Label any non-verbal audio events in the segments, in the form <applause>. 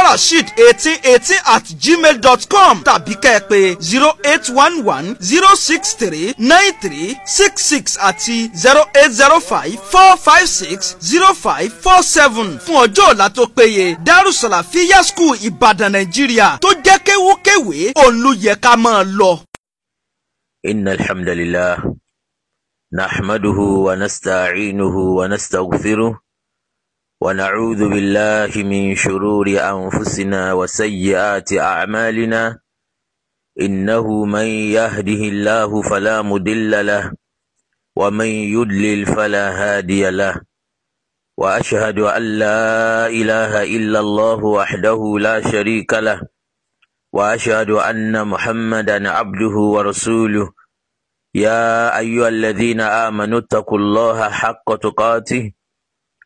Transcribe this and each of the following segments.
farasheed eighteen eighteen at gmail dot com tàbí kẹ́ẹ̀pè zero eight one one zero six three nine three six six àti zero eight zero five four five six zero five four seven fún ọjọ́ ọ̀la tó péye darussalafiya school ìbàdàn nàìjíríà tó jẹ́ kéwúkéwé òun ló yẹ ká máa lọ. إن الحمد لله نحمده ونستعينه ونستغفره ونعوذ بالله من شرور أنفسنا وسيئات أعمالنا إنه من يهده الله فلا مدل له ومن يدلل فلا هادي له وأشهد أن لا إله إلا الله وحده لا شريك له وأشهد أن محمدا عبده ورسوله يا أيها الذين آمنوا اتقوا الله حق تقاته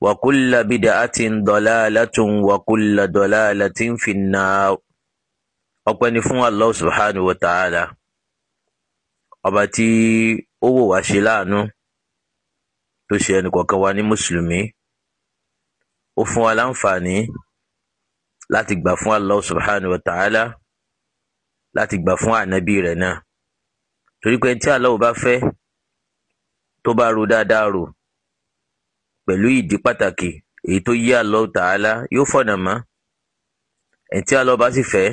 وكل بدعة ضلالة وكل ضلالة في النار ọpẹ́ ni fún Allah subhanahu wa ta'ala ọba tí ó wò wá ṣe láàánú tó ṣe ẹnìkọ̀ọ̀kan wa ní mùsùlùmí ó fún wa láǹfààní láti gbà fún Allah subhanahu wa ta'ala láti gbà fún ànábì rẹ̀ náà torí pé tí Allah bá fẹ́ tó bá ro dáadáa rò pẹ̀lú ìdí pàtàkì èyí tó yé Allah Ta'ala yóò fọ̀nà mọ́ ẹni tí Allah bá sì fẹ́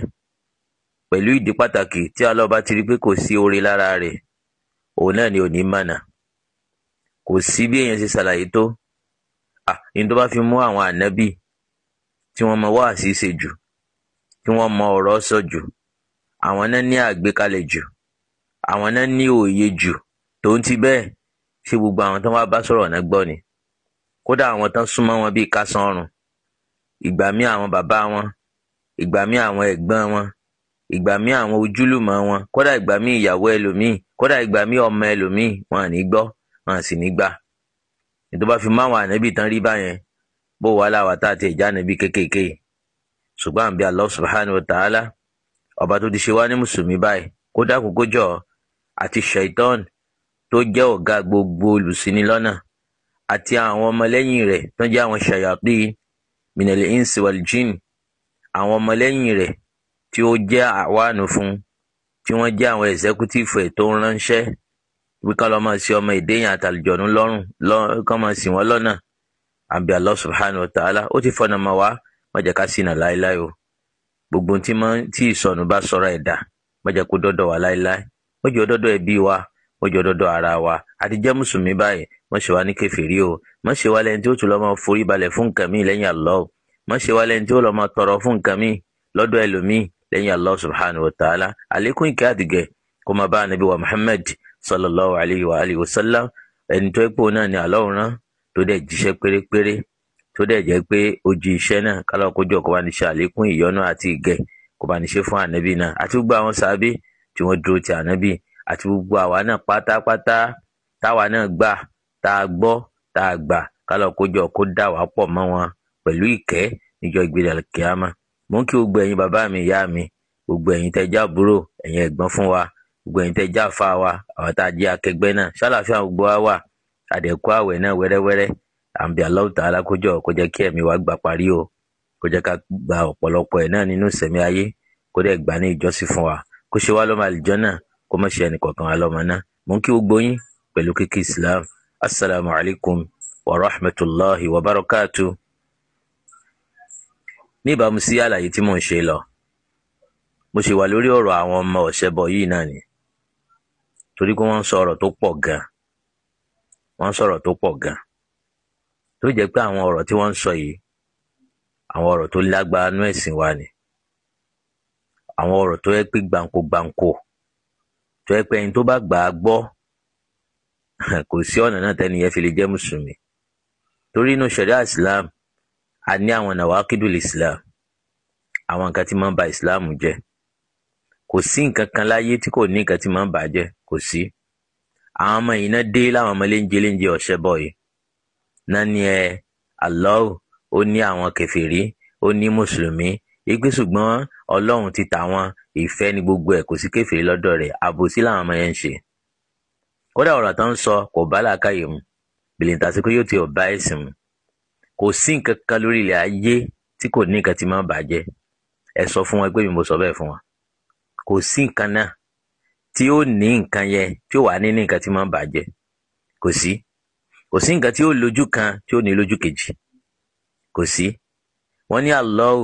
pẹ̀lú ìdí pàtàkì tí Allah bá ti rí pé kò sí oore lára rẹ̀ òun náà ni ò ní mànà kò sí bí èèyàn ṣe ṣàlàyé tó ní tó bá fi mú àwọn ànábì tí wọ́n mọ wáàsí ṣe jù tí wọ́n mọ ọ̀rọ̀ sọ jù àwọn náà ní àgbékalẹ̀ jù àwọn náà ní òye jù tó ń ti bẹ́ẹ̀ ṣe gbogbo àwọn tó wá bá sọ̀rọ̀ náà gbọ́ ni kódà àwọn tán súnmọ́ wọn bíi kásán ọrùn ìgbà míì àwọn bàbá wọn ìgbà míì àwọn ẹ̀gbọ́n wọn ìgbà míì àwọn ojúlùmọ̀ wọn kódà ìgbà míì ìyàwó ẹlòmíì kódà ìgbà míì ọmọ ẹlòmíì wọn à ní gbọ́ wọn à ní gbà ètò bá fi máwọn ànábì tán rí báyẹn bó wàá láwa tá a ẹ̀já ànábì kéékèèké ṣùgbọ́n àbí Allah subhanahu wa ta'ala ọba tó ti ṣe wá ní mùsùlùmí báyìí kó dákun àti shaitan tó jẹ́ ọ̀gá gbogbo olùṣìnilọ́nà àti àwọn ọmọlẹ́yìn rẹ̀ tó jẹ́ àwọn ṣàyàpín minal insi wal jinn àwọn ọmọlẹ́yìn rẹ̀ tí ó jẹ́ àwáànù fún tí wọ́n jẹ́ àwọn executive ẹ̀ tó ń ránṣẹ́ wí ká lọ́ọ́ máa ṣe ọmọ ìdéyìn àtàlùjọ̀nù lọ́rùn ká máa ṣì wọ́n lọ́nà àbí Allah subhanahu wa ta'ala ó ti fọ̀nà mọ̀ wá má jẹ́ ká ṣìnà láéláé o gbogbo tí ìsọnù bá sọra ẹ̀dá má jẹ́ kó dọ́dọ̀ wá láéláé má ó dọ́dọ̀ ẹbí wa ó jọ dọ́dọ̀ ara wa a ti jẹ́ mùsùlùmí báyìí má ṣe wá ní kèfèrí o má ṣe wá lẹ́ni tí ó tún lọ́ máa forí balẹ̀ fún nǹkan míì lẹ́yìn Allah má ṣe wá lẹ́ni tí ó lọ́ máa tọrọ fún nǹkan míì lọ́dọ̀ ẹlòmíì lẹ́yìn Allah subhanahu wa ta'ala àlékún ìkẹ́ àdìgẹ́ kó máa bá anabi wa Muhammad sallallahu alayhi wa alihi wa sallam ẹni tó pò náà ni Allah rán tó dẹ̀ jíṣẹ́ pérépéré tó dẹ̀ jẹ́ pé ó ju iṣẹ́ náà kálọ̀ kójọ kó bá ní ṣe àlékún ìyọ́nú àti ìgẹ̀ kó bá ní ṣe fún anabi náà àti gbogbo àwọn sàábé tí wọ́n dúró ti anabi àti gbogbo àwa náà pátápátá táwa náà gbà tá a gbọ́ tá a gbà ká lọ kójọ kó dà wá pọ̀ mọ́ wọn pẹ̀lú ìkẹ́ níjọ́ ìgbéra kíámà mo ń kí gbogbo ẹ̀yin bàbá mi ìyá mi gbogbo ẹ̀yin tẹ́ jẹ́ àbúrò ẹ̀yin ẹ̀gbọ́n fún wa gbogbo ẹ̀yin tẹ́ jẹ́ àfa wa àwọn tá a jẹ́ akẹgbẹ́ náà ṣàlàfíà gbogbo wa wà àdẹ̀kọ́ àwẹ̀ náà wẹ́rẹ́wẹ́rẹ́ àǹbí aláwùtà alákójọ kó jẹ́ kí ẹ̀mí wa gbà parí o kó jẹ́ ká gba ọ̀pọ̀lọpọ̀ ẹ̀ náà nínú ìsẹ̀mí ayé kó dẹ̀ gbà ní ìjọsìn fún wa kó ṣe wá lọ́mọ àlìjọ náà kó má ṣe ẹnì kọ̀ọ̀kan alọ́mọ náà mo ń kí gbogbo yín pẹ̀lú kíkí islam assalamu alaikum wa rahmatulahi wa barakatu ní ìbámu sí àlàyé tí mò ń ṣe lọ mo ṣe wà lórí ọ̀rọ̀ àwọn ọmọ ọ̀ṣẹ́bọ yìí náà ni torí pé wọ́n ń sọ̀rọ̀ tó pọ̀ gan wọ́n ń sọ̀rọ̀ tó pọ̀ gan tó jẹ́ pé àwọn ọ̀rọ̀ tí wọ́n ń sọ yìí àwọn ọ̀rọ̀ tó lágbára nú ẹ̀sìn wa ni àwọn ọ̀rọ̀ tó yẹ pé gbàǹkó tó yẹ pé ẹni tó bá gbà á gbọ́ <laughs> kò sí ọ̀nà náà tẹ́ni yẹn fi lè jẹ́ mùsùlùmí torí inú ṣẹ̀dá islam a ní àwọn nàwákìdùl islam àwọn nǹkan tí máa ń ba islam jẹ́ kò sí nǹkan kan láyé tí kò ní nǹkan tí máa ń bà jẹ́ kò sí àwọn ọmọ yìí náà dé láwọn ọmọ léńjẹ léńjẹ ọ̀ṣẹ́ bọ̀ náà ni ẹ Allah ó ní àwọn kẹfìrí ó ní mùsùlùmí wípé ṣùgbọ́n ọlọ́run ti tàwọn ìfẹ́ ni gbogbo ẹ̀ kò sí kèfèrí lọ́dọ̀ rẹ̀ àbòsí làwọn ọmọ yẹn ń ṣe kódà ọ̀rọ̀ tó ń sọ kò bá làákàyè mu bìlìntà sí pé yóò ti ọ̀bá ẹ̀sìn mu kò sí nǹkan kan lórí ilẹ̀ ayé tí kò ní nǹkan tí máa bàjẹ́ ẹ sọ fún wọn pé mi mo sọ bẹ́ẹ̀ fún wọn kò sí nǹkan náà tí ó ní nǹkan yẹn tí ó wà ní nǹkan tí máa bàjẹ́ kò sí kò sí nǹkan tí ó lójú kan tí ó ní lójú kejì kò sí wọ́n ní Allahu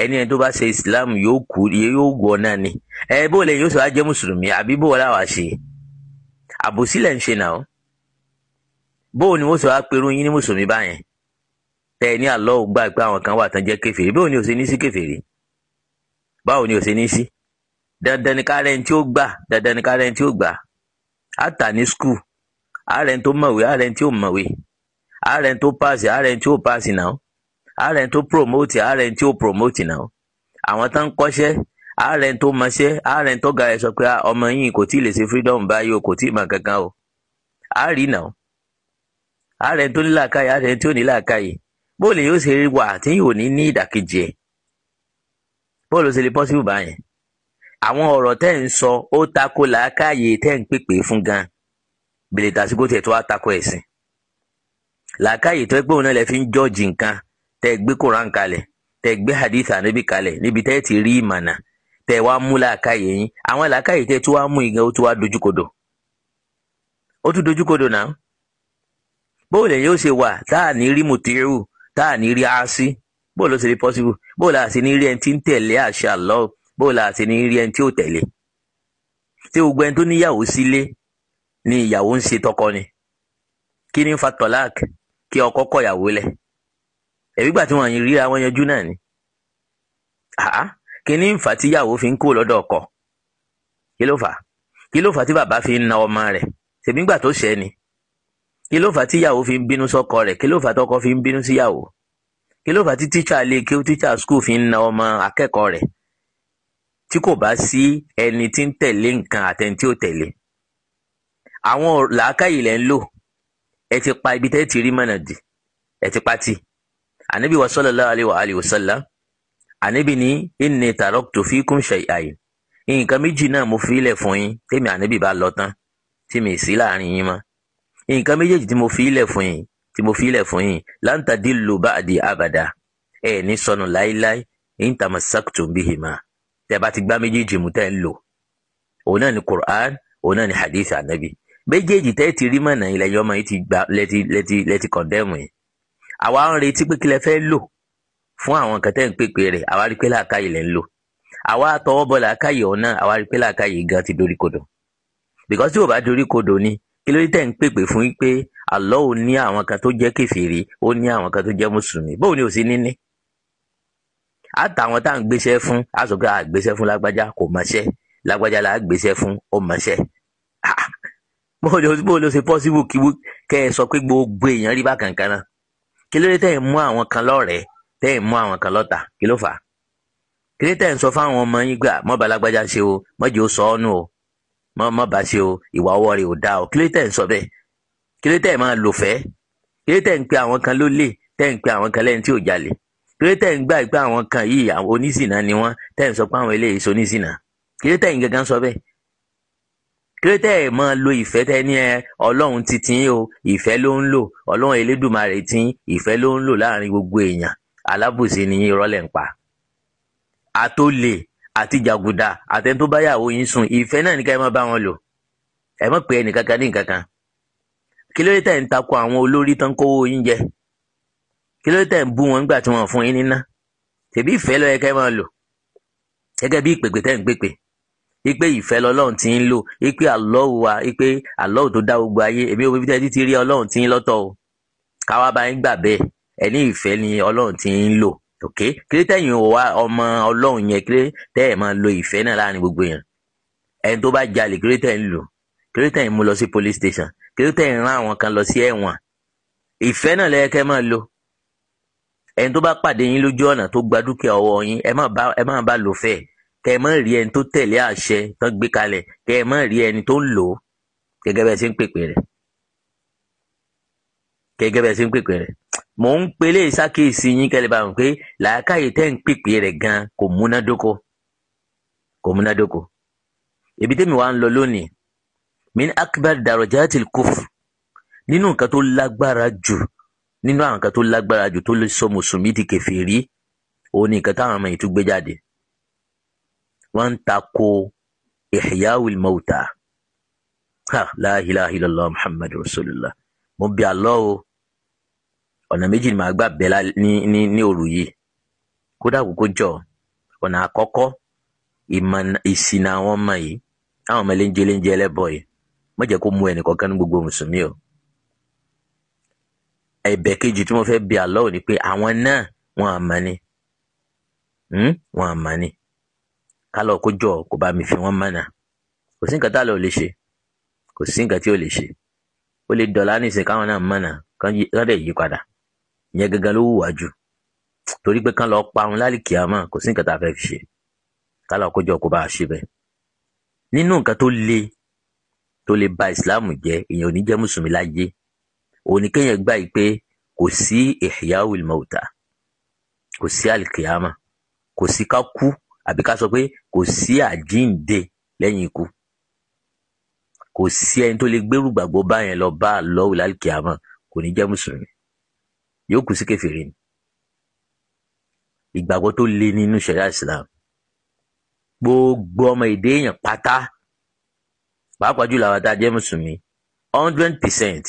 ẹni ẹni tó bá ṣe islam yóò kú yóò wọ náà ni ẹ bó lẹ́yìn yóò sọ wá jẹ́ mùsùlùmí àbí bó wọlé àwà ṣe àbòsí lẹ ń ṣe náà bó ni wọ́n sọ wá pé irun yín ní mùsùlùmí báyẹn tẹ ní àlọ́ ògbà pé àwọn kan wà tán jẹ́ kèfèrí bó ni ò ṣe ní sí kèfèrí báwo ni ò ṣe ní sí dandan ni kárẹ́ ní tí ó gbà dandan ni kárẹ́ ní tí ó gbà á tà ní skul àárẹ̀ tó mọ̀wé àárẹ̀ tó mọ̀wé àárẹ̀ tó paasi àárẹ̀ tó paasi náà ààrẹ tó promote ààrẹ tí ó promote náà àwọn tán ń kọ́ṣẹ́ ààrẹ tó mọṣẹ́ ààrẹ tó ga ẹ̀ sọ pé ọmọ yìí kò tí lè ṣe freedom báyìí o kò tí ì mọ kankan o àárí náà ààrẹ tó ní làákàyè ààrẹ tí ò ní làákàyè bó lè yóò ṣe wà tí yóò ní ní ìdàkejì ẹ̀ bó ló ṣe lè possible báyẹn àwọn ọ̀rọ̀ tẹ́ ń sọ ó tako làákàyè tẹ́ ń pèpè fún gan bèlè tàṣíkò tẹ̀ tó wá ẹ̀sìn làákàyè tó ẹgbẹ́ òun náà lè fi ń jọ́ọ̀jì nǹkan tẹ́ gbé koran kalẹ̀ tẹ́ gbé hadith anabi kalẹ̀ níbi tẹ́ ti rí ìmọ̀nà tẹ́ wá mú làákàyè yín àwọn làákàyè tẹ́ tó wá mú yìí ó tó wá dojúkodo. ó tún dojúkodo náà bó lè yóò ṣe wà tá à ní rí mùtírù tá à ní rí aásí bó ló ṣe Pọsibú. bó rí ẹni ń tẹ̀lé àṣà lọ. bó rí ẹni ni ìyàwó ń ṣe ẹ̀rí gbà tí wọ́n yìí ríra wọn yanjú náà ni kíní ń fà tíyàwó fi ń kó lọ́dọ̀ ọkọ kí ló fà kí ló fà tí bàbá fi ń na ọmọ rẹ̀ ṣèbí gbà tó ṣẹ́ ni kí ló fà tíyàwó fi ń bínú sọ́kọ rẹ̀ kí ló fà tọkọ fi ń bínú síyàwó kí ló fà tí tíṣà lè e kí tíṣà skul fi ń na ọmọ akẹ́kọ̀ọ́ rẹ̀ tí kò bá sí ẹni tí ń tẹ̀lé nǹkan àtẹni ò tẹ̀lé àwọn làákàyè lẹ́ ń lò ẹ ti pa ibi tẹ́ ti rí mọ̀nà dì ẹ ti pa tì ànábì wa sallallahu alayhi wa alayhi wa sallam ànábì ní inni taraktu fikum shay'ayn nǹkan méjì náà mo filẹ̀ fún yín tèmi ànábì bá lọ tán tí mi sí láàrin yín mọ́ nǹkan méjèèjì tí mo filẹ̀ fún yín tí mo filẹ̀ fún yín lan tadillu ba'di abada ẹ̀ ní sọnù láíláí in tamassaktum bihima tẹ́ bá ti gbá méjèèjì mú tẹ́ ń lò òun náà ni Qur'an òun náà ni hadith ànábì méjèèjì tẹ́ ti rí mọ̀nà ilẹ̀ yọmọ yìí ti gbà lẹ́ti lẹ́ti lẹ́ti kọ̀ndẹ́mù yìí àwa ń retí pé kí lẹ fẹ́ lò fún àwọn nǹkan tẹ́ ń pèpè rẹ̀ àwa rí pé làákàyè lẹ́ ń lò àwa tọwọ́ bọ̀ làákàyè ọ̀hún àwa rí pé làákàyè gan ti dorí kodò because tí ò bá dorí kodò ni kí ló dé tẹ̀ ń pèpè fún yín pé Allah ò ní àwọn kan tó jẹ́ kèfèrí ó ní àwọn kan tó jẹ́ mùsùlùmí bóun ni ò sí níní àtàwọn tá à ń gbéṣẹ́ fún àsọ̀gbà àgbéṣẹ́ fún lágbájá kò mọṣẹ́ lágbájá là á gbéṣẹ́ fún ó mọṣẹ́ bóun ló ṣe possible kí kẹ́ ẹ sọ pé gbogbo èèyàn rí bákan kan náà kí ló dé tẹ̀ ń mú àwọn kan lọ́rẹ̀ẹ́ tẹ̀ ń mú àwọn kan lọ́tà kí ló fà á kí ló dé tẹ̀ ń sọ fáwọn ọmọ yín gbà mọ́ balágbájá ṣe o mọ́jì ó sọ ọ́ nù o mọ́ bá ṣe o ìwà ọwọ́ rẹ̀ ò dáa o kí ló dé tẹ̀ ń sọ bẹ́ẹ̀ kí ló dé tẹ̀ máa lò fẹ́ kí ló dé tẹ̀ ń pe àwọn kan lólè tẹ̀ ń pe àwọn kan lẹ́yìn tí ò jalè kí ló dé tẹ̀ ń gbà pé àwọn kan yìí oníṣìnà ni wọ́n tẹ̀ ń sọ pé àwọn eléyìí ṣoníṣìnà kí ló dé tẹ̀ ń gangan sọ bẹ́ẹ̀ kírẹ́tẹ́ ẹ̀ máa lo ìfẹ́ tẹ́ni ẹ ọlọ́run titi o ìfẹ́ ló ń lò ọlọ́run elédùnmarè tí ìfẹ́ ló ń lò láàrin gbogbo èèyàn alábòsí ni yín rọ́lẹ̀ ń pa. àtòlè àti jàgùdà àtẹni tó bá yàwó yín sùn ìfẹ́ náà ní ká ẹ má bá wọn lò ẹ má pè é nìkankan ní nǹkankan. kí ló dé tẹ̀ ń takò àwọn olórí tán kówó yín jẹ kí tẹ̀ ń bú wọn nígbà tí wọ́n fún yín níná tèbí ìfẹ́ ló ipe ìfẹ́ lọ́lọ́run ti ń lò ipe àlọ́wù wa ipe àlọ́wù tó dá gbogbo ayé èmi ò bíbí tẹ́tí ti rí ọlọ́run ti ń lọ́tọ̀ o káwá bá yín gbà bẹ́ẹ̀ ẹni ìfẹ́ ni ọlọ́run ti ń lò ok kílé tẹ̀yìn ò wá ọmọ ọlọ́run yẹn kílé tẹ́ máa lo ìfẹ́ náà láàrin gbogbo yẹn ẹni tó bá jalè kílé tẹ̀ ń lò kílé tẹ̀ mú lọ sí police station kílé tẹ̀ ń rán àwọn kan lọ sí ẹ̀wọ̀n ìfẹ́ náà lẹ́yẹkẹ́ máa lo ẹni tó bá pàdé yín lójú ọ̀nà tó gba dúkìá ọwọ́ yín ẹ má bá lò fẹ́ẹ̀ kẹ́ ẹ má rí ẹni tó tẹ̀lé àṣẹ tán gbé kalẹ̀ kẹ́ ẹ má rí ẹni tó ń lò ó gẹ́gẹ́ bẹ́ẹ̀ ṣe ń pèpè rẹ̀ gẹ́gẹ́ bẹ́ẹ̀ ṣe ń pèpè rẹ̀ mò ń pelé ìsákèésí yín kẹ́lẹ́ bá wọn pé làákàyè tẹ́ ń pèpè rẹ̀ gan kò múnádóko kò múnádóko ibi tẹ́mi wà ń lọ lónìí min akbar darajatil kufr nínú nǹkan tó lágbára jù nínú àwọn nǹkan tó lágbára jù tó lè sọ mùsùlùmí di kèfèrí òun ni nǹkan táwọn ọmọ yìí tún gbé jáde wọ́n ń tako ihya'ul mawta ha la ilaha illallah muhammadu rasulillah mo bí alọ́ o ọ̀nà méjì ni màá gbà bẹ́ẹ̀ ní ní ní òru yìí kódà kókó jọ ọ̀nà àkọ́kọ́ ìsìnà àwọn ọmọ yìí àwọn ọmọ eléńjẹ eléńjẹ ẹlẹ́bọ yìí má jẹ́ kó mú ẹnì kankan ní gbogbo mùsùlùmí o ẹ̀bẹ̀ kejì tí wọ́n fẹ́ bí alọ́ ò ní pé àwọn náà wọ́n àmọ́ ni hmm? wọ́n àmọ́ ni kálọ̀ kó jọ kó bá mi fi wọ́n mọ̀nà kò sí nǹkan tálọ̀ ò lè ṣe kò sí nǹkan tí ò lè ṣe ó lè dọ̀là nísìn káwọn náà mọ̀nà kán dẹ̀ yí padà ìyẹn gangan ló wùwà jù torí pé kán lọ pa òun lálìkì àmọ́ kò sí nǹkan tá a fẹ́ fi ṣe kálọ̀ kó jọ kó bá a ṣe bẹ́ẹ̀ nínú nǹkan tó le tó lè ba ìsìláàmù jẹ èèyàn ò ní jẹ mùsùlùmí láyé òun ni kéèyàn gbà yìí pé kò sí ìhìyàwó ìmọ̀ọ́ta kò sí àlìkìyàmà kò sí ká kú àbí ká sọ pé kò sí àjíǹde lẹ́yìn ikú kò sí ẹni tó lè gbérù gbàgbọ́ báyẹn lọ bá lọ́wọ́ lálùkìyàmọ̀ kò ní jẹ́ mùsùlùmí yóò kù sí kèfèrí ni ìgbàgbọ́ tó le nínú ṣẹ̀ríà Islam gbogbo ọmọ èdè èèyàn pátá pàápàá jùlọ àwọn tá a jẹ́ mùsùlùmí hundred percent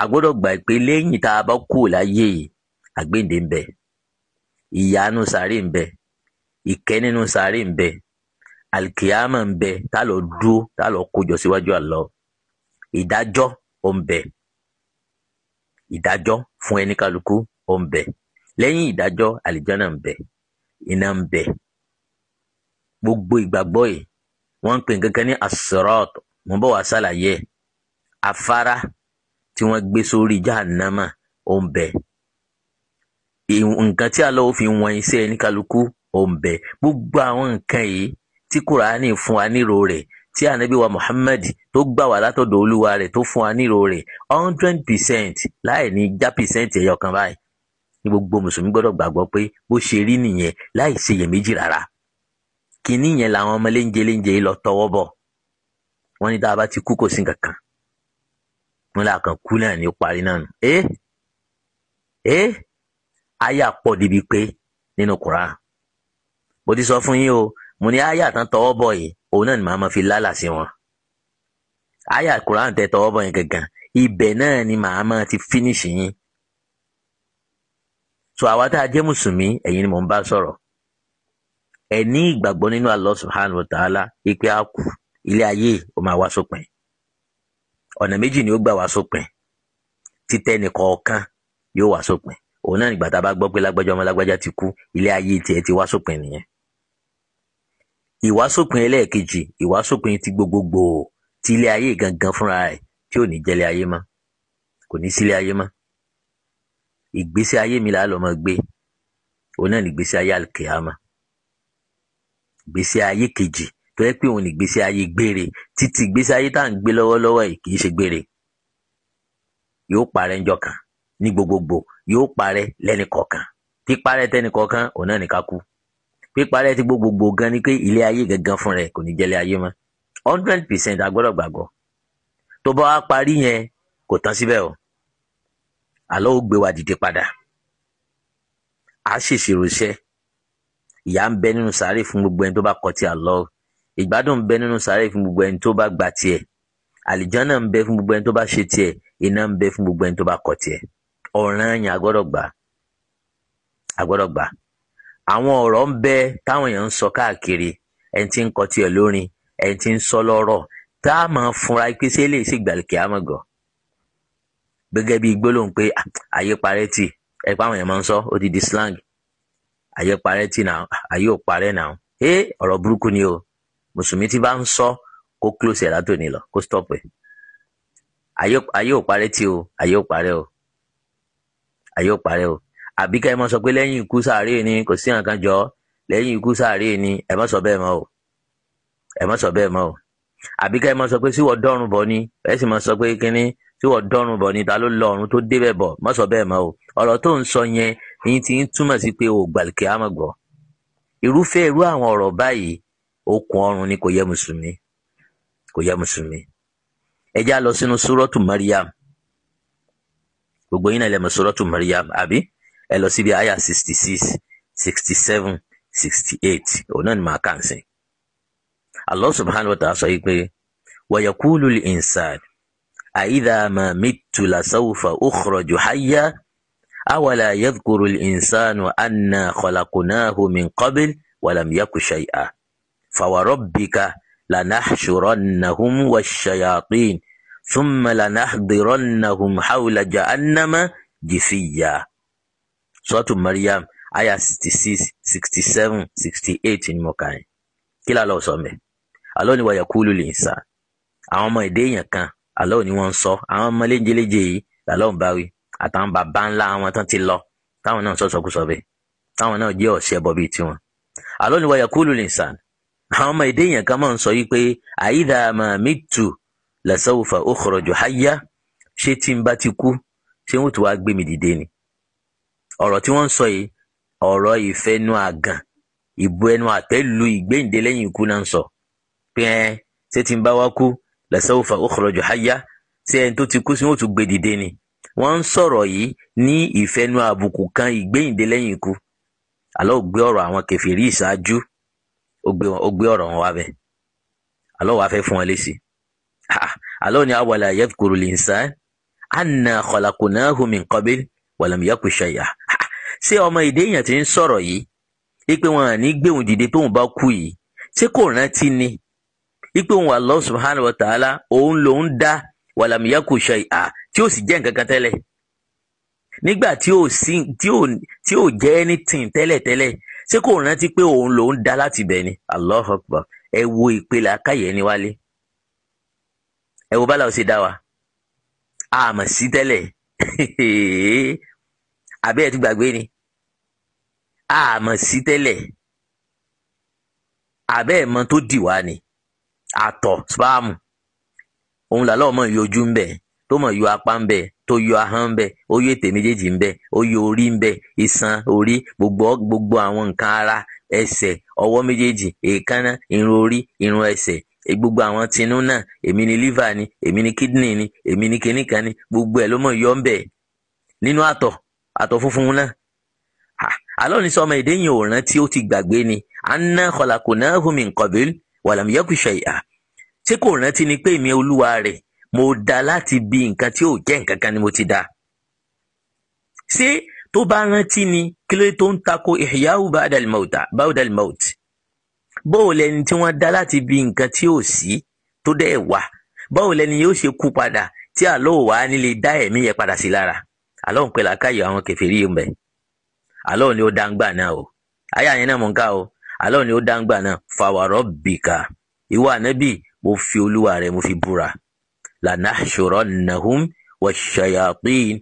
a gbọ́dọ̀ gbà pé lẹ́yìn tá a bá kú láyé yìí àgbéǹde ń bẹ ìyanu sàárè ń bẹ ìkẹ́ nínú sáré ń bẹ alikiyama ń bẹ tá lọ dúró tá lọ kójọ síwájú Allah ìdájọ́ ó ń bẹ ìdájọ́ fún ẹni kálukú ó ń bẹ lẹ́yìn ìdájọ́ àlìjánà ń bẹ iná ń bẹ gbogbo ìgbàgbọ́ yìí wọ́n ń pè kankan ní asọ́rọ́ọ̀tù mo bọ̀ wá ṣàlàyé ẹ̀ afárá tí wọ́n gbé sórí jahannama ó ń bẹ nǹkan tí Allah fi wọn iṣẹ́ ẹni kálukú Ombe gbogbo àwọn nǹkan yìí tí kùránì fún wa nírò rẹ̀ wa muhammad tó gbà wá látọ̀dọ̀ olúwa rẹ̀ tó fún wa nírò rẹ̀ hundred percent láì ní já percent ẹ̀yọ kan báyìí ní gbogbo mùsùlùmí gbọ́dọ̀ gbàgbọ́ pé bó ṣe rí nìyẹn láì ṣe iyèméjì rárá kínní yẹn làwọn ọmọ léńjẹ léńjẹ yìí lọ tọwọ́ ti kú kò sí nǹkan kan là kàn kú náà ní parí náà nù mo ti sọ fún yín o mo ní àyà tán tọwọ́ bọ̀ yìí òun náà ni màá ma fi lálà sí wọn àyà Quran tẹ tọwọ́ bọ̀ yẹn gangan ibẹ̀ náà ni màá ma ti finish yín so àwa tá a jẹ́ mùsùlùmí ẹ̀yin ni mò ń bá sọ̀rọ̀ ẹ ní ìgbàgbọ́ nínú Allah subhanahu wa ta'ala ipe a kù ilé ayé ó máa wá sópin ọ̀nà méjì ni ó gbà wá sópin títẹ́ nìkọ̀ọ̀kan yóò wá sópin òun náà nígbà tá a bá gbọ́ pé lágbájá ọmọ lágbájá ti kú ilé ayé tiẹ̀ ti wá sópin nìyẹn ìwásópin ẹlẹ́ẹ̀kejì ìwásópin ti gbogbogbò ti ilé ayé gangan fúnra ẹ̀ tí ò ní jẹ́lé ayé mọ́ kò ní sílé ayé mọ́ ìgbésí ayé mi làá lọ mọ gbé òun náà ní ìgbésí ayé àlùkìyámà ìgbésí ayé kejì tó yẹ pé òun ní ìgbésí ayé gbére títí ìgbésí ayé tá à ń gbé lọ́wọ́lọ́wọ́ yìí kì í ṣe gbére yóò parẹ́ ńjọ́ kan ní gbogbogbò yóò parẹ́ lẹ́nìkọ̀ọ̀kan píparẹ́ tẹ́nìkọ̀ọ̀kan òun náà ní kú píparẹ́ ti gbogbogbò gan ni pé ilé ayé gangan fún rẹ̀ kò ní jẹ́ ilé ayé mọ́ hundred percent a gbọ́dọ̀ gbàgbọ́ tó bá wá parí yẹn kò tán síbẹ̀ o àlọ́ ò gbé wa dìde padà a ṣèṣirò iṣẹ́ ìyà ń bẹ nínú sáré fún gbogbo ẹni tó bá kọ ti àlọ́ ìgbádùn ń bẹ nínú sáré fún gbogbo ẹni tó bá gba tiẹ̀ àlìjánà ń bẹ fún gbogbo ẹni tó bá ṣe tiẹ̀ iná ń bẹ fún gbogbo ẹni tó bá kọ tiẹ̀ ọ̀ràn yẹn a gbà a gbà. àwọn ọ̀rọ̀ ń bẹ táwọn èèyàn ń sọ káàkiri ẹni tí ń kọ tiẹ̀ lórin ẹni tí ń sọ lọ́rọ̀ tá a máa funra pé ṣé lè ṣe ìgbàlùkì àmọ́ gẹ́gẹ́ bí gbólóhùn pé ayé ah, parẹ́ tì ẹ pé àwọn èèyàn máa ti slang ayé parẹ́ tì náà ah, ayé ni o mùsùlùmí ti bá sọ kó close ẹ̀ lọ kó stop ayé ò parẹ́ o ayé o. àbí kẹ́ ẹ mọ sọ pé lẹ́yìn ikú sàárè ni kò sí nǹkan jọ lẹ́yìn ikú sàárè ni ẹ mọ sọ bẹ́ẹ̀ mọ́ o ẹ mọ sọ bẹ́ẹ̀ mọ́ o àbí kẹ́ ẹ mọ sọ pé síwọ dọ́run bọ̀ ni ẹ sì mọ sọ pé kínní síwọ dọ́run bọ̀ ni ta ló lọ ọ̀run tó débẹ̀ bọ̀ mọ sọ bẹ́ẹ̀ mọ́ o ọ̀rọ̀ tó ń sọ yẹn yín ti ń túmọ̀ sí pé o gbàlùkẹ́ àmọ́ gbọ́ irúfẹ́ irú àwọn ọ̀rọ̀ báyìí okùn ọrùn ni kò yẹ mùsùlùmí kò yẹ mùsùlùmí ẹ já lọ sínú súrọ́tù Maryam gbogbo yín náà lẹ́mọ̀ súrọ́tù Maryam àbí ẹ si bi àyà sixty six sixty seven sixty eight òun ni màá kà ń Allah subhanahu wa ta'ala sọ yìí pé wa yaqulu li insan a'idha ma mitu la sawfa ukhraju hayya awala yadhkuru al-insanu anna khalaqnahu min qabl walam yaku shay'a fawarabbika lanahshurannahum wa shayatin thumma lanahdirannahum hawla jahannama jithiya. suratu mariam aya sixty six sixty seven sixty eight ni mo kà yẹn kí lálọ́ sọ mẹ́ alọ́ ni wàyà kúlù lè sà àwọn ọmọ èdè èèyàn kan alọ́ ni wọ́n ń sọ àwọn ọmọ léjeléje yìí lálọ́ ń bá wí àtàwọn bàbá ńlá wọn tán ti lọ táwọn náà sọ̀sọ̀ kú sọ bẹ́ẹ̀ táwọn náà jẹ́ ọ̀sẹ̀ bọ̀ bíi tiwọn alọ́ ni wàyà kúlù lè sà àwọn ọmọ èdè èèyàn kan máa ń sọ yìí pé àyídà màmítù làṣàwùfà ó kọ̀rọ̀ jù háyá ṣé tí n bá ti kú ṣé wọ́n ti wá gbé mi dìde ni ọ̀rọ̀ tí wọ́n ń sọ yìí ọ̀rọ̀ ìfẹnu àgàn ìbu ẹnu àtẹ́ lu ìgbéǹde lẹ́yìn ikú náà ń sọ pé ẹ ṣé tí ń bá wá kú lasawfa ukhraju hayya tí ẹni tó ti kú sí wọn ò tún gbé dìde ni wọ́n ń sọ̀rọ̀ yìí ní ìfẹnu àbùkù kan ìgbéǹde lẹ́yìn ikú Allah ó gbé ọ̀rọ̀ àwọn kèfèrí ìṣáájú ó gbé ọ̀rọ̀ wọn wá bẹ̀ Allah wàá fẹ́ fún wọn lésì Allah ni awala yadhkuru al-insan anna khalaqnahu min qabl wàlámù yàkù ṣàyà ṣé ọmọ èdè èèyàn ti ń sọ̀rọ̀ yìí wípé wọn à ní gbéhùn dìde tóun bá kú yìí ṣé kò rántí ni wípé òun Allah subhanahu wa ta'ala òun lòun dá wàlámù yàkù ṣàyà tí ó sì jẹ́ nǹkan kan tẹ́lẹ̀ nígbà tí ò sí tí ò tí ò jẹ́ anything tẹ́lẹ̀tẹ́lẹ̀ ṣé kò rántí pé òun lòun dá láti bẹ̀ ni Allahu akbar ẹ wo ìpele akáyẹ̀ ẹni wálé ẹ wo báláwo ṣe dá wa àmọ̀ sí tẹ́lẹ̀ <laughs> àbẹ́ ẹ̀ ti gbàgbé ni àmọ̀ sí tẹ́lẹ̀ àbẹ́ ẹ̀ mọ tó dì wá ni àtọ̀ spáàmù òun làlọ́ ọmọ yọjú ń bẹ̀ tó mọ̀ yọ apá ń bẹ̀ tó yọ ahọ́n ń bẹ̀ ó yọ ètè méjèèjì ń bẹ̀ ó yọ orí ń bẹ̀ iṣan orí gbogbo gbogbo àwọn nǹkan ara ẹsẹ̀ ọwọ́ méjèèjì èékánná irun orí irun ẹsẹ̀ e gbogbo àwọn tinú náà èmi ni liver ni èmi ni kidney ni èmi ni kìnìkan ni gbogbo ẹ̀ ló mọ̀ yọ ń bẹ̀ nínú àtọ̀ àtọ̀ funfun náà alọ́ọ̀ni sọ ọmọ èdè yìí ò rántí ó ti gbàgbé ni anna khalaqnahu min qabil walam yaku shay'a ṣé kò rántí ni pé èmi olúwa rẹ̀ mo dá láti bi nǹkan tí ò jẹ́ nǹkan kan ni mo ti dá ṣé tó bá rántí ni kí ló tó ń tako ihya'u ba'dal mauta ba'dal tí wọ́n dá láti bi nǹkan tí ò sí tó dẹ̀ wà báwo lẹni yóò ṣe kú padà tí àlọ́ òwà nílé dá ẹ̀mí yẹn padà sí lára àlọ́ ń pè làákàyè àwọn kẹfìrí mbẹ̀ àlọ́ ni ó dáńgbà náà o àyà yẹn náà mò ń ká o àlọ́ ni ó dáńgbà náà fàwọ̀rọ̀ bìkà ìwọ ànábì mo fi olúwa rẹ mo fi búra lanahshurannahum wash-shayatin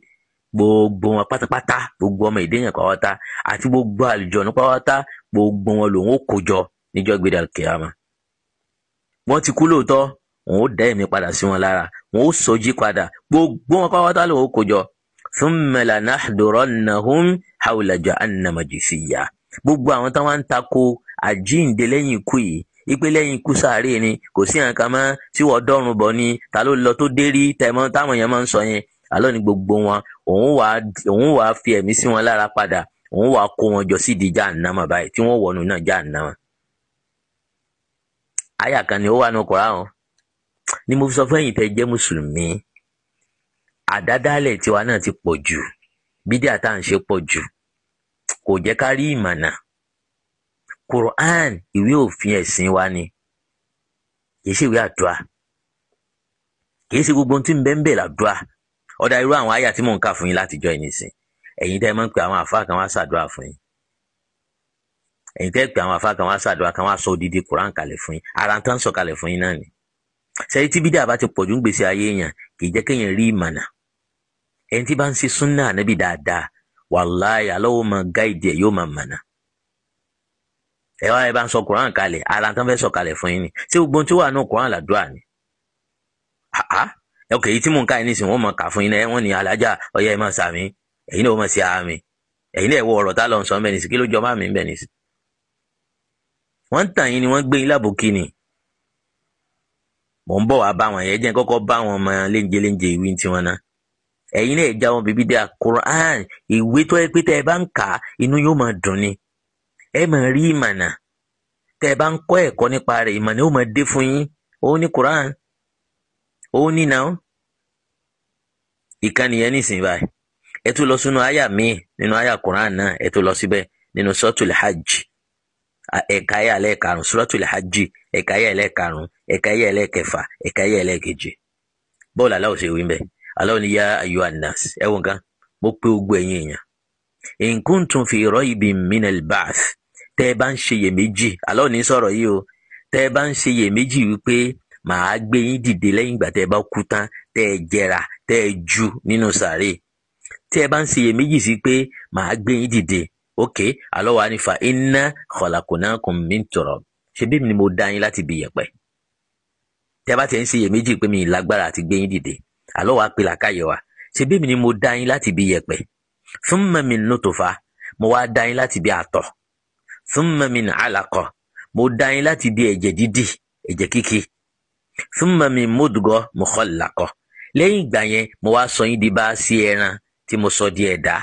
gbogbo wọn pátápátá gbogbo ọmọ ìdíyàn pàwọ́tá àti gbogbo àlùjọ̀nù pàwọ́tá gbogbo wọn lòun ó kó jọ níjọ́ gbé dàkíyàmá wọ́n ti kú lóòótọ́ wọn ó dá ẹ̀mí padà sí wọn lára wọn ó sọjí padà gbogbo wọn pàwọ́tá lòun ó kó ثم لنحضرنهم حول جهنم جثيا gbogbo àwọn táwọn ń tako àjíǹde lẹ́yìn ikú yìí ipe lẹ́yìn ikú sáré ni kò sí nǹkan mọ́ tí wọ́n dọ́rùn bọ̀ ni ta ló lọ tó dé rí tẹ̀mọ́ táwọn èèyàn máa ń sọ yẹn àlọ́ ni gbogbo wọn òun wàá fi ẹ̀mí sí wọn lára padà òun wàá kó wọn jọ sí di jahannama báyìí tí wọ́n wọnú náà jahannama. àyà kan ni ó wà ní ọkọ̀ ráhùn ni mo sọ fún ẹ̀yin tẹ́ jẹ́ mùsùlùmí àdádálẹ̀ tiwa náà ti pọ̀ jù bídíà tá à ń pọ̀ jù kò jẹ́ ká rí ìmọ̀nà Quran ìwé òfin ẹ̀sìn wa ni kì í ṣe ìwé àdúrà kì í ṣe gbogbo ohun tí ń bẹ ń bẹ làdúrà ọ̀dà irú àwọn àyà tí mò ń kà fún yín látijọ́ yìí nìsín ẹ̀yin tẹ́ ẹ máa ń pe àwọn àfáà kan wá ṣàdúrà fún yín ẹ̀yin tẹ́ ẹ pe àwọn àfáà kan wá ṣàdúrà kan wá sọ odidi Quran kalẹ̀ fún yín ara tán sọ kalẹ̀ fún yín náà ni ṣẹ́yìn tí bídíà bá ti pọ̀jù ń gbèsè ayé èèyàn kì jẹ́ kéèyàn rí ìmọ̀nà ẹni tí bá ń ṣe súnà ànábì dáadáa wàláì aláwo máa gáìdì ẹ yóò máa mọ̀nà. ẹ wá ẹ bá ń sọ Quran kalẹ̀ ara tán fẹ́ sọ kalẹ̀ fún yín ni ṣé gbogbo tí ó wà náà Quran làdúrà ni. ok èyí tí mò ń ká yín nísìnyí wọ́n máa kà fún yín náà wọ́n ní alájà ọ̀yá ẹ máa sàmì ẹ̀yin náà ó máa ṣe àmì ẹ̀yin náà ẹ wọ ọ̀rọ̀ tá lọ sọ ń bẹ nìsí kí ló jọ má mi bẹ nìsí. wọ́n tàn yín ni wọ́n gbé yín lábòkí ni mò ń bọ̀ wá bá wọn yẹn jẹ́ kọ́kọ́ bá wọn ọmọ léńjeléńje ìwé tiwọn náà ẹ̀yin náà já wọn bèbí dé àkùrán ìwé tó ẹ pé tẹ́ ẹ bá ń kà á inú yóò máa dùn ni ẹ máa rí ìmọ̀nà tẹ́ ẹ bá ń kọ́ ẹ̀kọ́ nípa rẹ̀ ìmọ̀nà yóò máa dé fún yín òun ní quran òun ní náà ìkànnì yẹn nísìnyí báyìí ẹ tún lọ sínú àyà míì nínú àyà quran náà ẹ tún lọ síbẹ̀ nínú suratul hajj ẹ̀ka ayé alẹ́ karùn-ún suratul hajj ẹ̀ka ayé alẹ́ karùn-ún ẹ̀ka ayé alẹ́ kẹfà ẹ̀ka ayé alẹ́ keje bọ́ọ̀lù aláwọ̀ ṣe wí bẹ́ẹ̀ aláwọn ya ayo anas ẹ wọ nǹkan mo pé ogbó ẹ̀yin èèyàn in kuntum fi raybin minal ba'th tẹ́ ẹ bá ń ṣe iyèméjì aláwọn ní sọ̀rọ̀ yìí o tẹ́ ẹ bá ń ṣe iyèméjì wípé màá gbé yín dìde lẹ́yìn ìgbà tẹ́ ẹ bá kú tán tẹ́ ẹ jẹrà tẹ́ ẹ ju nínú sàárè tẹ́ ẹ bá ń ṣe iyèméjì sí pé màá gbé yín dìde ok alọ́ wa ni fa inna khalaqnakum min turab ṣebí mi ni mo dá yín láti bí yẹ̀pẹ̀ tẹ́ bá ti ń ṣe iyèméjì pé mi ì lágbára àti gbé yín dìde àlọ́ wàá pe làkàyè wa ṣe bí mi ni mo dá yín láti bí yẹ̀pẹ̀ thumma min nutfa mo wá dá yín láti bí àtọ̀ thumma min alaqa mo dá yín láti bí ẹ̀jẹ̀ dídì ẹ̀jẹ̀ kíkì thumma min mudgo mukhallaqa lẹ́yìn ìgbà yẹn mo wá sọ yín di bá a sí ẹran tí mo sọ di ẹ̀dá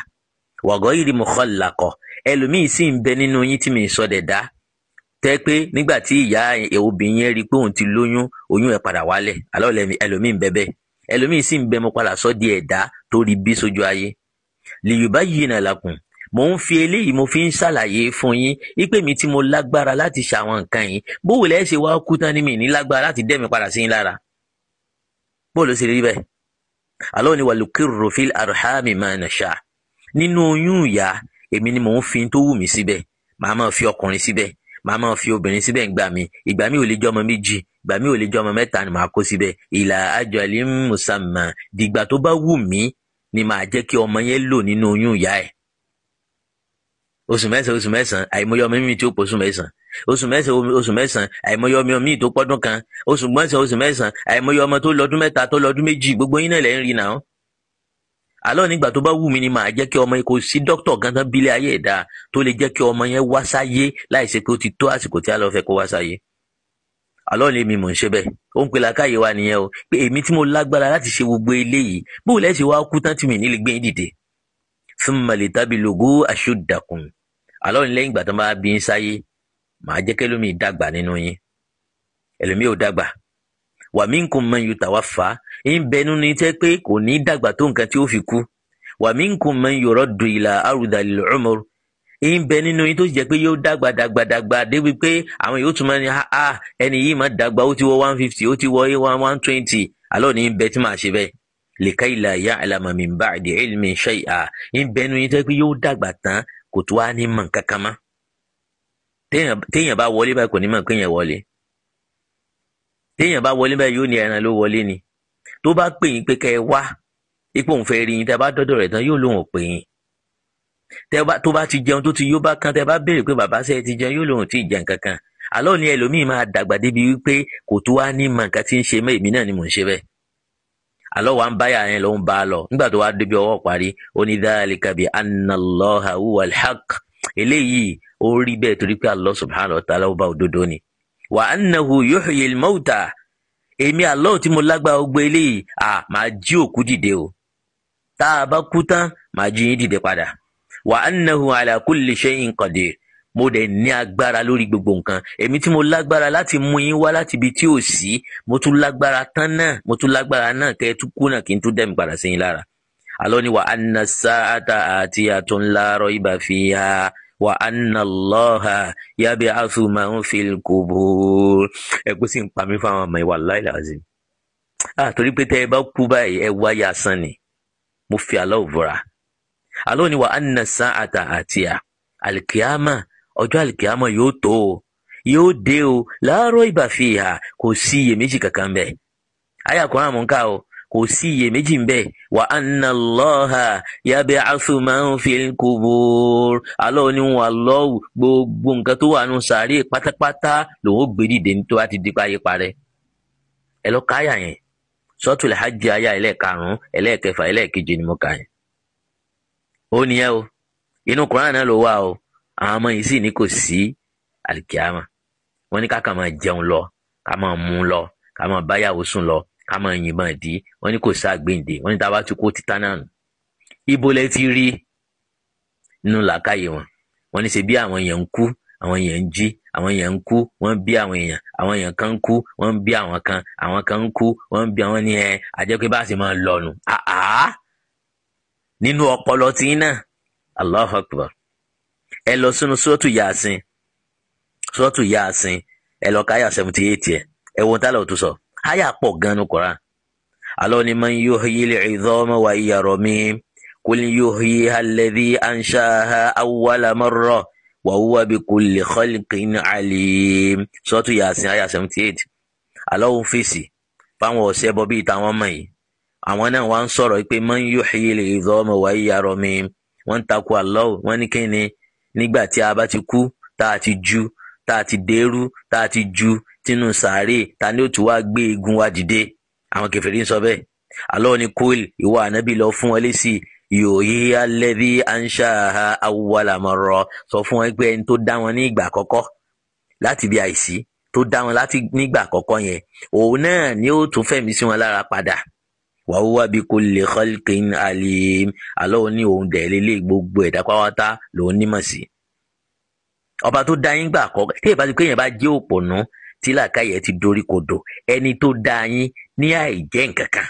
wọ̀gọ́ yìí di mukhallaqa ẹlòmíì sì ń bẹ nínú yín tí mi sọ dẹ̀dá tẹ́ pé nígbà tí ìyá obìnrin yẹn rí i pé òun ti lóyún oyún ẹ̀ padà wálẹ̀ alọ́ ẹlòmíì ń bẹ bẹ́ẹ̀ ẹlòmíì sì ń bẹ mo padà sọ di ẹ̀dá torí bí sójú ayé lèyùbá yìí nà lákùn mò ń fi eléyìí mo fi ń ṣàlàyé fún yín ipe mi tí mo lágbára láti ṣàwọn nǹkan yìí bówó lẹ́ ṣe wá kú tán ní mi ní lágbára láti dẹ́mi padà sí yín lára bó ló rí bẹ́ẹ̀ Allah ni walukirru fil arhami ma nasha nínú oyún ìyá èmi ni mò ń fi tó wù mí síbẹ̀ màá máa fi ọkùnrin síbẹ̀ màá máa fi obìnrin síbẹ̀ ń gbà mí ìgbà mi ò lè jẹ́ ọmọ méjì ìgbà mi ò lè jẹ́ ọmọ mẹ́ta ni màá kó síbẹ̀ ìlà àjọlẹ̀ mùsàmà dìgbà tó bá wù mí ni màá jẹ́ kí ọmọ yẹn lò nínú oyún ìyá ẹ̀ oṣù mẹ́sàn-án oṣù mẹ́sàn-án àìmọye ọmọ mi tí ó pọ̀ oṣù mẹ́sàn-án oṣù mẹ́sàn oṣù mẹ́sàn àìmọye ọmọ mi tó pọ́dún kan oṣù mẹ́sàn oṣù mẹ́sàn àìmọye ọmọ tó lọ́dún mẹ́ta tó lọ́dún méjì gbogbo yín náà lẹ́yìn rí náà àlọ́ nígbà tó bá wù mí ni màá jẹ́ kí ọmọ yẹn kò sí dókítà gangan bílẹ̀ ayé ẹ̀dá tó lè jẹ́ kí ọmọ yẹn wá sáyé láì ṣe pé ó ti tó àsìkò tí àlọ́ fẹ́ kó wá sáyé àlọ́ ni èmi mò ń ṣe bẹ́ẹ̀ ó ń pe làákàyè wa nìyẹn o pé èmi tí mo lágbára láti ṣe gbogbo eléyìí bóun lẹ́sìn wá kú tán tí mi ní gbé dìde fún màlẹ̀ tàbí lògó àṣọdàkùn àlọ́ ni lẹ́yìn ìgbà tó máa bí yín sáyé màá jẹ́ kẹ́lómi dàgbà nínú yín ẹlòmíì ò dàgbà wàmínkùn man yutawaffa ń bẹ nínú tẹ́ pé kò ní dàgbà tó nǹkan tí ó fi kú wàmínkùn man yuraddu ila arudalil umur ń bẹ nínú yín tó jẹ́ pé yóò dàgbà dàgbà dàgbà débi pé àwọn yóò tún máa ní ha ah, ah, ẹni yìí máa dàgbà ó ti wọ one fifty ó ti wọ one one twenty àlọ́ ní bẹ tí màá ṣe bẹ́ẹ̀ lèkàí la ya àlàmà min ba'di ilmin shay'a ń bẹ nínú yín tó jẹ́ pé yóò dàgbà tán kò tó wá ní mọ̀ kankan mọ́ téèyàn bá wọlé báyìí kò ní mọ̀ kéèyàn wọlé téèyàn bá wọlé báyìí yóò ní ẹran ló wọlé ni tó bá pè yín pé kẹ ẹ wá ipò òun fẹ́ tẹ bá dọ́dọ̀ rẹ̀ tán yóò lóun pè yín tó bá ti jẹun tó ti yóò bá kan tẹ bá béèrè pé bàbá ti jẹun yóò lóun ti kankan àlọ́ ni ẹlòmíì máa dàgbà débi wípé kò tó wá ní mọ tí ń ṣe mọ́ náà ni mò ń ṣe bẹ́ẹ̀ wà á nàhu yuhyil mauta èmi Allah tí mo lágbára gbé eléyìí à máa jí òkú dìde o tá a bá kú tán máa jí yín dìde padà wà á nàhu ala kulli shay'in qadir mo dẹ̀ ní agbára lórí gbogbo nǹkan èmi tí mo lágbára láti mú yín wá láti ibi tí ò sí mo tún lágbára tán náà mo tún lágbára náà kẹ́ ẹ tún kú náà kí n tún dẹ̀mí padà sí yín lára Allah ni wà á nà sáà àti àtúnlárọ̀ ibà fi ha wà á nà lọ́ha yábẹ́ àṣù máa ń fi kòbó ẹ̀kú sì ń pa mí fáwọn ọmọ ìwà láìláàzì. àtòrí pé tẹ́ ẹ bá kú báyìí ẹ wáyé asán ni mo fi àlọ́ òvúra àlọ́ ni wà á nà sàn àti à àlìkíámà ọjọ́ àlìkíámà yóò tó o yóò dé o láàárọ̀ ìbàfihà kò sí iyèméjì kankan bẹ́ẹ̀ ayé àkùnrin àmúká o kò sí iyèméjì ń bẹ wa anna Allaha yab'athu man fil qubur alọ́ ni wọn Allahu gbogbo nǹkan tó wà nù sàárè pátápátá lòun ó gbé dìde ní tó bá ti di páyé parẹ́ ẹ lọ káyà yẹn suratul hajj aya ẹlẹ́ẹ̀karùn-ún ẹlẹ́ẹ̀kẹfà ẹlẹ́ẹ̀keje ni mo kà yẹn ó nìyẹn o inú Kùránì náà ló wà o àwọn ọmọ yìí sì ní kò sí àlìkíyàmà wọn ní ká máa jẹun lọ ká máa mú lọ ká máa báyàwó sùn lọ ká máa yìnbọn ìdí wọ́n ní kò sáàgbéǹde wọ́n ní táwa ti kó títà náà nù ibo lẹ ti rí nínú làákàyè wọn wọ́n ní ṣe bí àwọn èèyàn ń kú àwọn èèyàn ń jí àwọn èèyàn ń kú wọ́n bí àwọn èèyàn àwọn èèyàn kan ń kú wọ́n bí àwọn kan àwọn kan ń kú wọ́n bí àwọn ní ẹ àjẹpé bá a ṣe máa lọ àá nínú ọpọlọ tí náà Allahu Akbar ẹ lọ sínú sọ́ọ̀tù yaasin sọ́ọ̀tù yaasin ẹ lọ káyà seventy eight yẹ ẹ wo tá lọ́ọ́ sọ. So àyà pọ̀ gan-an ní Quran alọ́ ni man yuhyil idhama wa hiya ramim qul yuhyiha alladhi anshaha awwala marra wa huwa bi kulli khalqin alim sọ́tù yasin àyà seventy eight alọ́ ń fèsì fáwọn ọ̀sẹ̀ bọ́ bíi táwọn mọ̀ yìí àwọn náà wá ń sọ̀rọ̀ pé man yuhyil idhama wa hiya ramim wọ́n ń takò Allah wọ́n ni nígbà tí a bá ti kú tá ti ju tá ti dẹ́rú tá ti ju tinú sàárè ta ni ó tún wá gbé egun wa dìde àwọn kèfèrí ń sọ bẹ́ẹ̀ alọ́ ni kúl ìwà ànábì lọ fún wọn lésì yòòyí alẹ́bí anṣáha awwalamọ̀rọ̀ sọ fún wọn pé ẹni tó dá wọn ní ìgbà àkọ́kọ́ láti bí àìsí tó dá wọn láti nígbà àkọ́kọ́ yẹn òun náà ni ó tún fẹ̀mí sí wọn lára padà wàhùwà bí kò lè khalqin alim alọ́ ni òun dẹ̀ lé lé gbogbo ẹ̀dá pátá lòun nímọ̀ sí ọba tó dá yín gbà àkọ́kọ́ tí èèyàn bá jẹ́ òpònú tí làákàyè ti dorí kodò ẹni tó dá yín ní àìjẹ́ nǹkan kan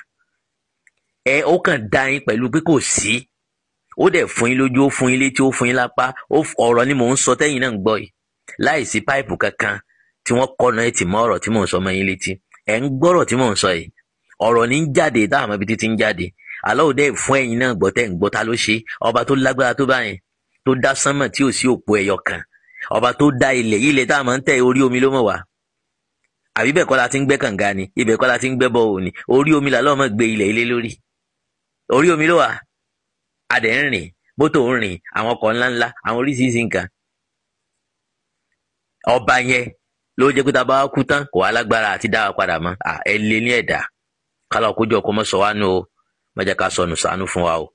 ẹ ó kàn dá yín pẹ̀lú pé kò sí ó dẹ̀ fún yín lójú ó fún yín létí ó fún yín lápá ọ̀rọ̀ ni mò ń sọ tẹ́yìn náà ń gbọ́ yìí láìsí páìpù kankan tí wọ́n kọ́nà ẹ̀ tì mọ́ ọ̀rọ̀ tí mò ń sọ mọ́ yín létí ẹ̀ ń gbọ́rọ̀ tí mò ń sọ yìí ọ̀rọ̀ ní ń jáde táwọn ibi títí ń jáde aláwọ̀ dẹ́ fún ẹ̀yin náà gbọ́ tẹ́ ń gbọ́ ta ló ṣe ọba tó lágbára tó báyìí tó dá sánmọ̀ tí ò sí òpó ẹyọ kan ọba tó dá ilẹ̀ yìí ilẹ̀ táwọn máa ń tẹ̀ orí omi ló mọ̀ wá àbí bẹ́ẹ̀ kọ́ la ti ń gbẹ́ kànga ni ibẹ̀ kọ́ la ti ń gbẹ́ bọ́ọ̀ ni orí omi làlọ́ mọ̀ gbé ilẹ̀ ilé lórí orí omi ló wà adẹ̀ ń rìn bótò ń rìn àwọn ọkọ̀ ńláńlá àwọn oríṣiríṣi nǹkan ọba yẹn ló jẹ́ pé tá a bá kú tán kò wá lágbára àti dá wa padà mọ́ ẹ lé ní ẹ̀dá kálọ̀ kójọ kó mọ́ sọ wá nù o má jẹ́ ká sọnù sànù fún wa o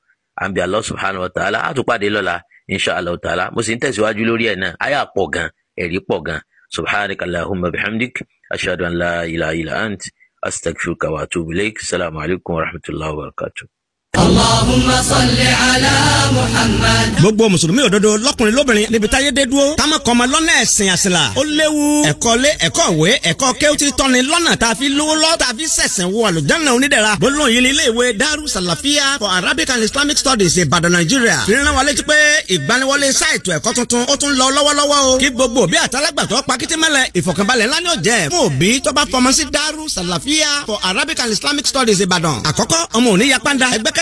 à ń bẹ Allah subhanahu wa ta'ala àtúpàdé lọ́la insha Allah ta'ala mo sì ń tẹ̀síwájú lórí ẹ̀ náà àyà pọ̀ gan ẹ̀rí pọ̀ gan سبحانك اللهم بحمدك أشهد أن لا إله إلا أنت أستغفرك وأتوب إليك السلام عليكم ورحمة الله وبركاته Allahumma salli Muhammad. gbogbo mùsùlùmí òdodo lọkùnrin lóbìnrin níbi táyé dé dúró táwọn kan máa lọ́nà ẹ̀sìn àṣìlá ó léwu ẹ̀kọ́ lé ẹ̀kọ́ ìwé ẹ̀kọ́ kéwútì tọ́ni lọ́nà tá a fi lówó lọ́ tá a fi sẹ̀sẹ̀ wọ àlùjáná onídẹ̀ra gbólóhùn yìí ní ilé ìwé Daru Salafia for Arabic and Islamic Studies Ìbàdàn Nàìjíríà fìrìnà wa létí pé ìgbaniwọlé sáìtù ẹ̀kọ́ tuntun ó tún lọ lọ́wọ́lọ́wọ́ o kí